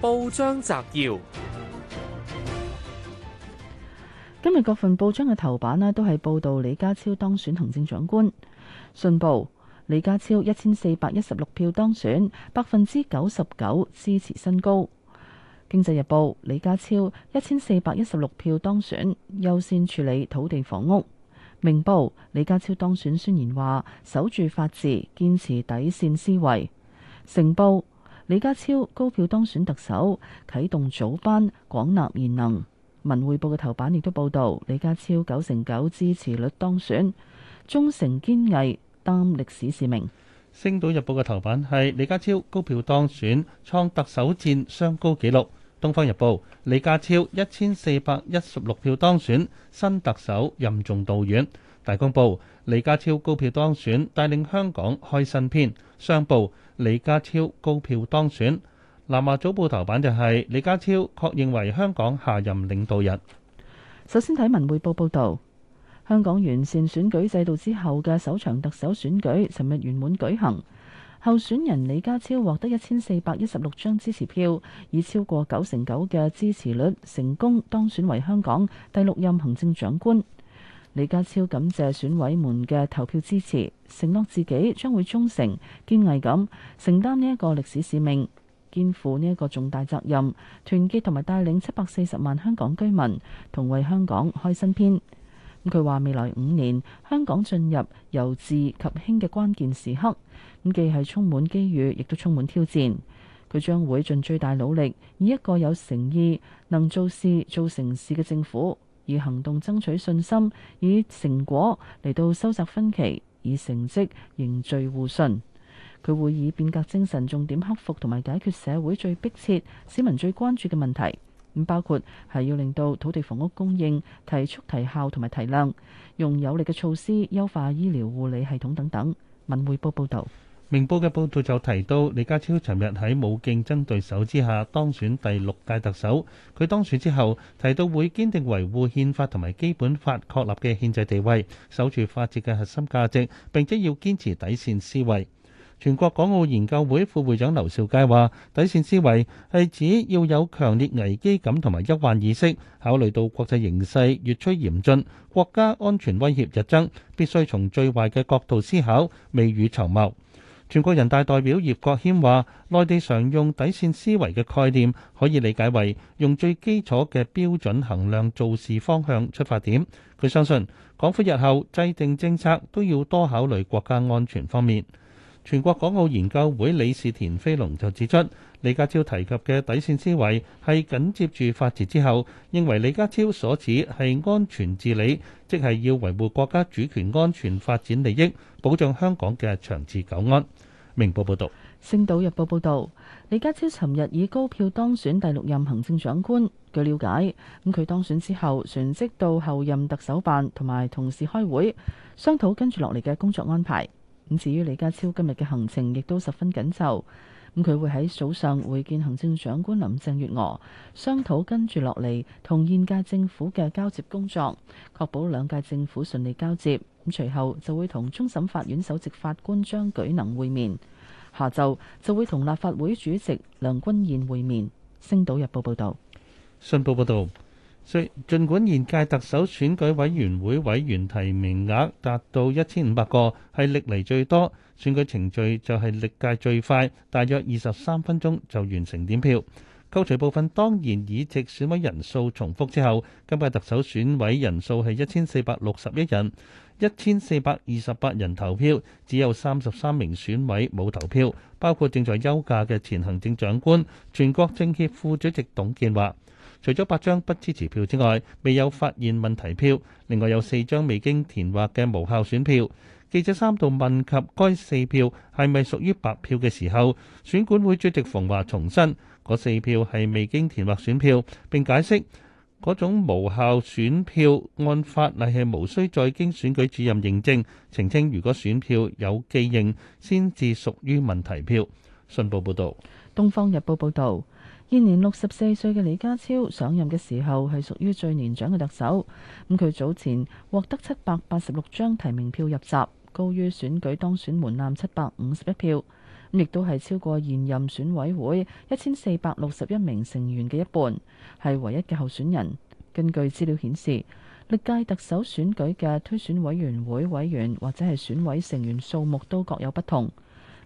報章摘要：今日各份報章嘅頭版呢，都係報道李家超當選行政長官。信報：李家超一千四百一十六票當選，百分之九十九支持，新高。經濟日報：李家超一千四百一十六票當選，優先處理土地房屋。明報：李家超當選宣言話，守住法治，堅持底線思維。成報。李家超高票當選特首，啟動早班廣納賢能。文匯報嘅頭版亦都報道李家超九成九支持率當選，忠誠堅毅擔歷史使命。星島日報嘅頭版係李家超高票當選創特首戰雙高紀錄。東方日報李家超一千四百一十六票當選新特首任重道遠。大公報：李家超高票當選，帶領香港開新篇。商報：李家超高票當選。南華早報頭版就係、是、李家超確認為香港下任領導人。首先睇文匯報報導，香港完善選舉制度之後嘅首場特首選舉，尋日圓滿舉行，候選人李家超獲得一千四百一十六張支持票，以超過九成九嘅支持率，成功當選為香港第六任行政長官。李家超感謝選委們嘅投票支持，承諾自己將會忠誠、堅毅咁承擔呢一個歷史使命，肩負呢一個重大責任，團結同埋帶領七百四十萬香港居民，同為香港開新篇。咁佢話未來五年，香港進入由治及興嘅關鍵時刻，咁既係充滿機遇，亦都充滿挑戰。佢將會盡最大努力，以一個有誠意、能做事、做成事嘅政府。以行動爭取信心，以成果嚟到收窄分歧，以成績凝聚互信。佢會以變革精神，重點克服同埋解決社會最迫切、市民最關注嘅問題。咁包括係要令到土地房屋供應提速提效同埋提量，用有力嘅措施優化醫療護理系統等等。文匯報報導。明報嘅報道就提到，李家超尋日喺冇競爭對手之下當選第六屆特首。佢當選之後，提到會堅定維護憲法同埋基本法確立嘅憲制地位，守住法治嘅核心價值，並且要堅持底線思維。全國港澳研究會副會長劉兆佳，話，底線思維係指要有強烈危機感同埋憂患意識，考慮到國際形勢越趨嚴峻，國家安全威脅日增，必須從最壞嘅角度思考，未雨綢繆。全國人大代表葉國謙話：內地常用底線思維嘅概念，可以理解為用最基礎嘅標準衡量做事方向出發點。佢相信，港府日後制定政策都要多考慮國家安全方面。全國港澳研究會理事田飛龍就指出，李家超提及嘅底線思維係緊接住法治之後，認為李家超所指係安全治理，即係要維護國家主權、安全、發展利益，保障香港嘅長治久安。明報報導，《星島日報》報導，李家超尋日以高票當選第六任行政長官。據了解，咁佢當選之後，旋即到後任特首辦同埋同事開會，商討跟住落嚟嘅工作安排。咁至於李家超今日嘅行程亦都十分緊湊，咁、嗯、佢會喺早上會見行政長官林鄭月娥，商討跟住落嚟同現屆政府嘅交接工作，確保兩屆政府順利交接。咁隨後就會同終審法院首席法官張舉能會面，下晝就會同立法會主席梁君彥會面。星島日報報道。信報報導。雖儘管現屆特首選舉委員會委員提名額達到一千五百個，係歷嚟最多，選舉程序就係歷屆最快，大約二十三分鐘就完成點票。扣除部分當然以直選委人數重複之後，今屆特首選委人數係一千四百六十一人，一千四百二十八人投票，只有三十三名選委冇投票，包括正在休假嘅前行政長官、全國政協副主席董建華。除咗八張不支持票之外，未有發現問題票。另外有四張未經填劃嘅無效選票。記者三度問及該四票係咪屬於白票嘅時候，選管會主席馮驊重申嗰四票係未經填劃選票，並解釋嗰種無效選票按法例係無需再經選舉主任認證，澄清如果選票有記認，先至屬於問題票。信報報導，《東方日報》報導。現年六十四歲嘅李家超上任嘅時候係屬於最年長嘅特首，咁佢早前獲得七百八十六張提名票入閘，高於選舉當選門檻七百五十一票，亦都係超過現任選委會一千四百六十一名成員嘅一半，係唯一嘅候選人。根據資料顯示，歷屆特首選舉嘅推選委員會委員或者係選委成員數目都各有不同。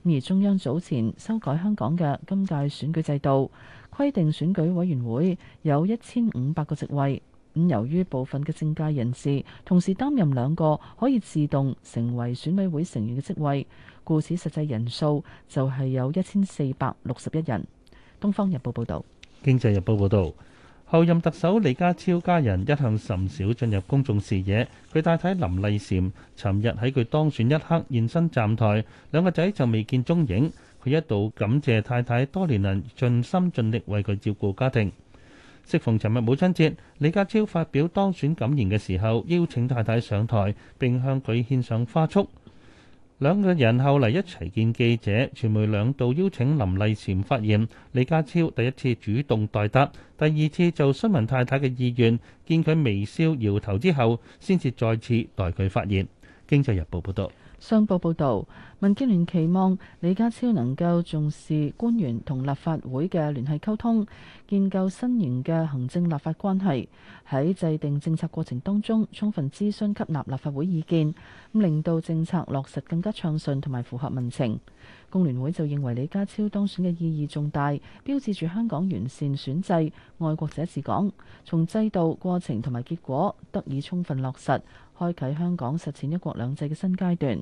而中央早前修改香港嘅今屆選舉制度，規定選舉委員會有一千五百個席位。咁由於部分嘅政界人士同時擔任兩個可以自動成為選委會成員嘅職位，故此實際人數就係有一千四百六十一人。東方日報報道，經濟日報報道。後任特首李家超家人一向甚少進入公眾視野，佢太太林麗嬋，尋日喺佢當選一刻現身站台，兩個仔就未見蹤影，佢一度感謝太太多年能盡心盡力為佢照顧家庭。兩個人後嚟一齊見記者，傳媒兩度邀請林麗嬋發言，李家超第一次主動代答，第二次就詢問太太嘅意願，見佢微笑搖頭之後，先至再次代佢發言。經濟日報報導。商報報導，民建聯期望李家超能夠重視官員同立法會嘅聯繫溝通，建構新型嘅行政立法關係，喺制定政策過程當中，充分諮詢吸納立法會意見，咁令到政策落實更加暢順同埋符合民情。工聯會就認為李家超當選嘅意義重大，標誌住香港完善選制，愛國者治港，從制度過程同埋結果得以充分落實。開啟香港實踐一國兩制嘅新階段，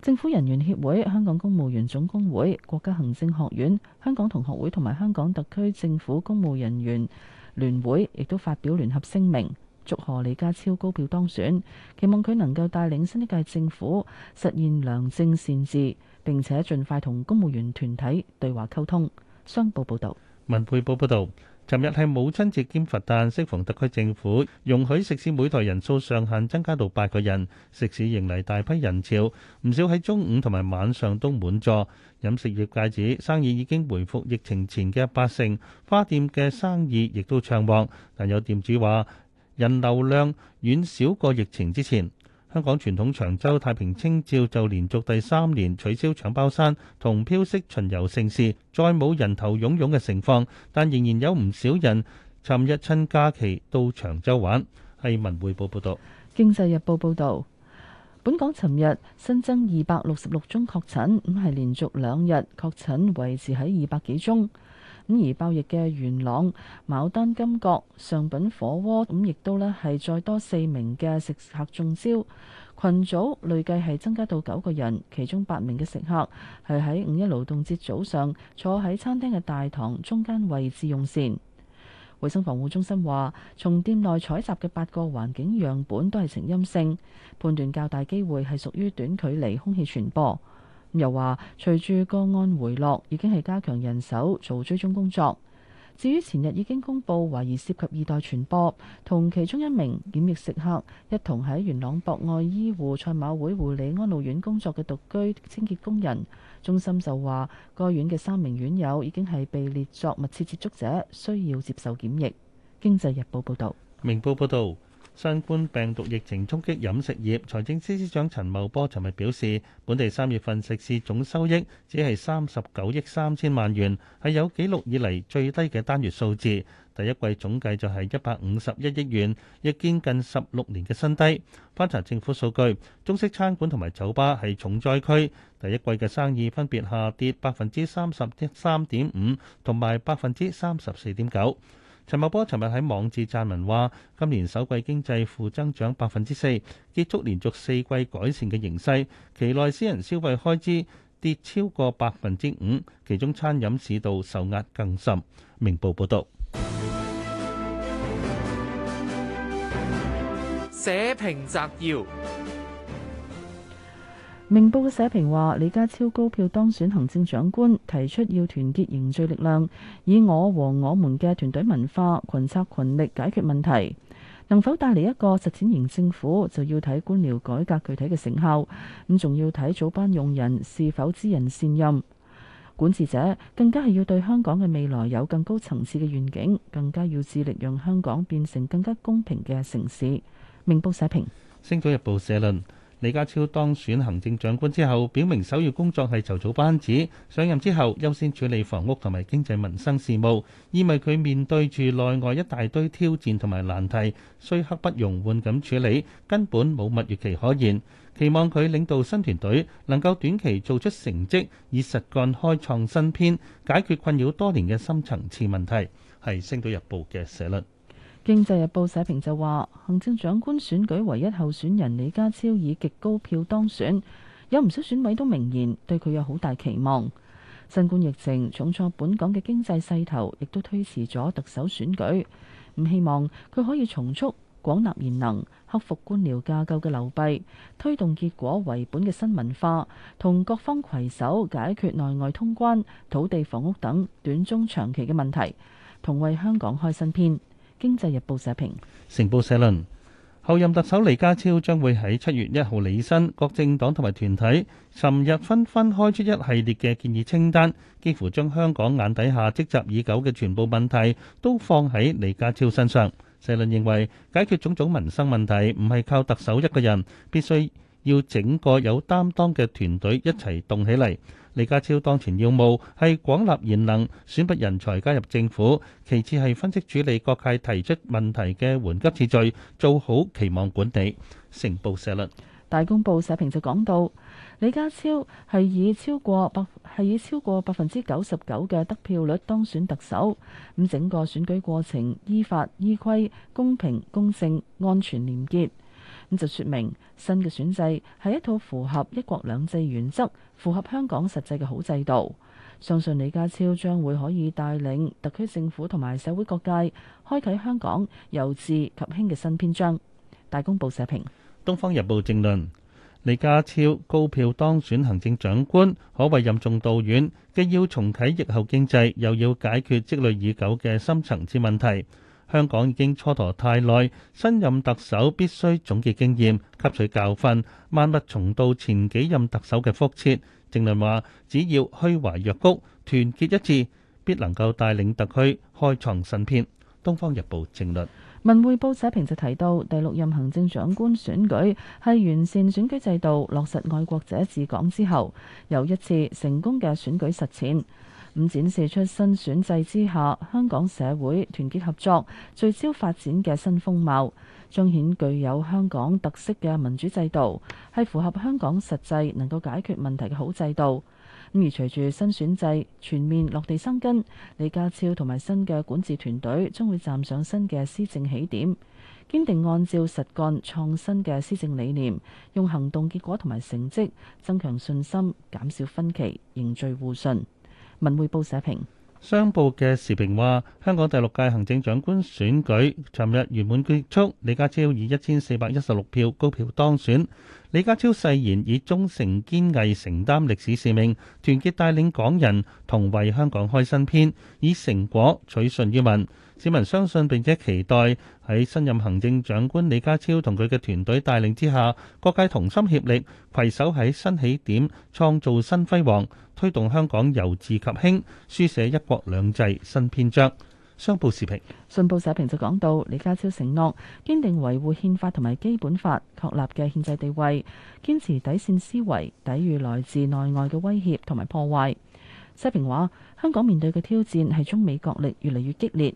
政府人員協會、香港公務員總工會、國家行政學院、香港同學會同埋香港特區政府公務人員聯會，亦都發表聯合聲明，祝賀李家超高票當選，期望佢能夠帶領新一屆政府實現良政善治，並且盡快同公務員團體對話溝通。商報報道，文匯報報道。尋日係母親節兼佛誕，適逢特區政府容許食肆每台人數上限增加到八個人，食肆迎嚟大批人潮，唔少喺中午同埋晚上都滿座。飲食業界指生意已經回復疫情前嘅八成，花店嘅生意亦都暢旺，但有店主話人流量遠少過疫情之前。香港傳統長洲太平清醮就連續第三年取消搶包山同飄色巡遊盛事，再冇人頭湧湧嘅情況，但仍然有唔少人尋日趁假期到長洲玩。係文匯報報道。經濟日報報道，本港尋日新增二百六十六宗確診，咁係連續兩日確診維持喺二百幾宗。咁而爆疫嘅元朗、牡丹金閣、上品火鍋，咁亦都咧係再多四名嘅食客中招，群組累計係增加到九個人，其中八名嘅食客係喺五一勞動節早上坐喺餐廳嘅大堂中間位置用膳。衞生防護中心話，從店內採集嘅八個環境樣本都係呈陰性，判斷較大機會係屬於短距離空氣傳播。又話，隨住個案回落，已經係加強人手做追蹤工作。至於前日已經公布懷疑涉及二代傳播，同其中一名檢疫食客一同喺元朗博愛醫護賽馬會護理安老院工作嘅獨居清潔工人，中心就話，該院嘅三名院友已經係被列作密切接觸者，需要接受檢疫。經濟日報報道。明報報道。相關病毒疫情衝擊飲食業，財政司司長陳茂波尋日表示，本地三月份食肆總收益只係三十九億三千萬元，係有紀錄以嚟最低嘅單月數字。第一季總計就係一百五十一億元，亦見近十六年嘅新低。翻查政府數據，中式餐館同埋酒吧係重災區，第一季嘅生意分別下跌百分之三十三點五同埋百分之三十四點九。陳茂波尋日喺網誌撰文話，今年首季經濟負增長百分之四，結束連續四季改善嘅形勢。期內私人消費開支跌超過百分之五，其中餐飲市道受壓更深。明報報道。社評摘要。明報嘅社評話：李家超高票當選行政長官，提出要團結凝聚力量，以我和我們嘅團隊文化，群策群力解決問題。能否帶嚟一個實踐型政府，就要睇官僚改革具體嘅成效，咁仲要睇早班用人是否知人善任。管治者更加係要對香港嘅未來有更高層次嘅願景，更加要致力讓香港變成更加公平嘅城市。明報社評，《星島日報》社論。李家超當選行政長官之後，表明首要工作係籌組班子，上任之後優先處理房屋同埋經濟民生事務，意味佢面對住內外一大堆挑戰同埋難題，雖刻不容緩咁處理，根本冇蜜月期可言。期望佢領導新團隊能夠短期做出成績，以實幹開創新篇，解決困擾多年嘅深層次問題，係《星島日報》嘅社論。《經濟日報》社評就話，行政長官選舉唯一候選人李家超以極高票當選，有唔少選委都明言對佢有好大期望。新冠疫情重挫本港嘅經濟勢頭，亦都推遲咗特首選舉。唔希望佢可以重築廣納賢能，克服官僚架構嘅流弊，推動結果為本嘅新文化，同各方攜手解決內外通關、土地房屋等短中長期嘅問題，同為香港開新篇。《經濟日報》社評，成報社論，候任特首李家超將會喺七月一號履新，各政黨同埋團體尋日紛紛開出一系列嘅建議清單，幾乎將香港眼底下積集已久嘅全部問題都放喺李家超身上。社論認為解決種種民生問題唔係靠特首一個人，必須要整個有擔當嘅團隊一齊動起嚟。李家超當前要務係廣納賢能，選拔人才加入政府；其次係分析處理各界提出問題嘅緩急次序，做好期望管理。成報社論。大公報社評就講到，李家超係以超過百係以超過百分之九十九嘅得票率當選特首，咁整個選舉過程依法依規、公平公正、安全廉潔。咁就說明新嘅選制係一套符合一國兩制原則、符合香港實際嘅好制度。相信李家超將會可以帶領特區政府同埋社會各界，開啟香港由治及興嘅新篇章。大公報社評，《東方日報》政論：李家超高票當選行政長官，可謂任重道遠，既要重啟疫後經濟，又要解決積累已久嘅深層次問題。香港已經蹉跎太耐，新任特首必須總結經驗、吸取教訓，萬勿重蹈前幾任特首嘅覆轍。正論話，只要虛懷若谷、團結一致，必能夠帶領特區開創新篇。《東方日報》正論文匯報社評就提到，第六任行政長官選舉係完善選舉制度、落實愛國者治港之後，又一次成功嘅選舉實踐。咁展示出新選制之下香港社會團結合作、聚焦發展嘅新風貌，彰顯具有香港特色嘅民主制度係符合香港實際、能夠解決問題嘅好制度。咁而隨住新選制全面落地生根，李家超同埋新嘅管治團隊將會站上新嘅施政起點，堅定按照實幹創新嘅施政理念，用行動結果同埋成績增強信心，減少分歧，凝聚互信。文匯報社評，商報嘅時評話：香港第六屆行政長官選舉尋日圓滿結束，李家超以一千四百一十六票高票當選。李家超誓言以忠誠堅毅承擔歷史使命，團結帶領港人同為香港開新篇，以成果取信於民。市民相信並且期待喺新任行政長官李家超同佢嘅團隊帶領之下，各界同心協力，攜手喺新起點創造新輝煌，推動香港由治及興，書寫一國兩制新篇章。商報時評、信報社評就講到，李家超承諾堅定維護憲法同埋基本法確立嘅憲制地位，堅持底線思維，抵禦來自內外嘅威脅同埋破壞。社評話，香港面對嘅挑戰係中美角力越嚟越激烈。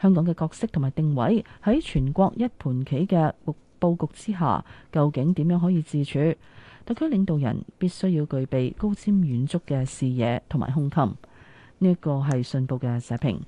香港嘅角色同埋定位喺全國一盤棋嘅佈佈局之下，究竟點樣可以自處？特區領導人必須要具備高瞻遠矚嘅視野同埋胸襟。呢一個係信報嘅社評。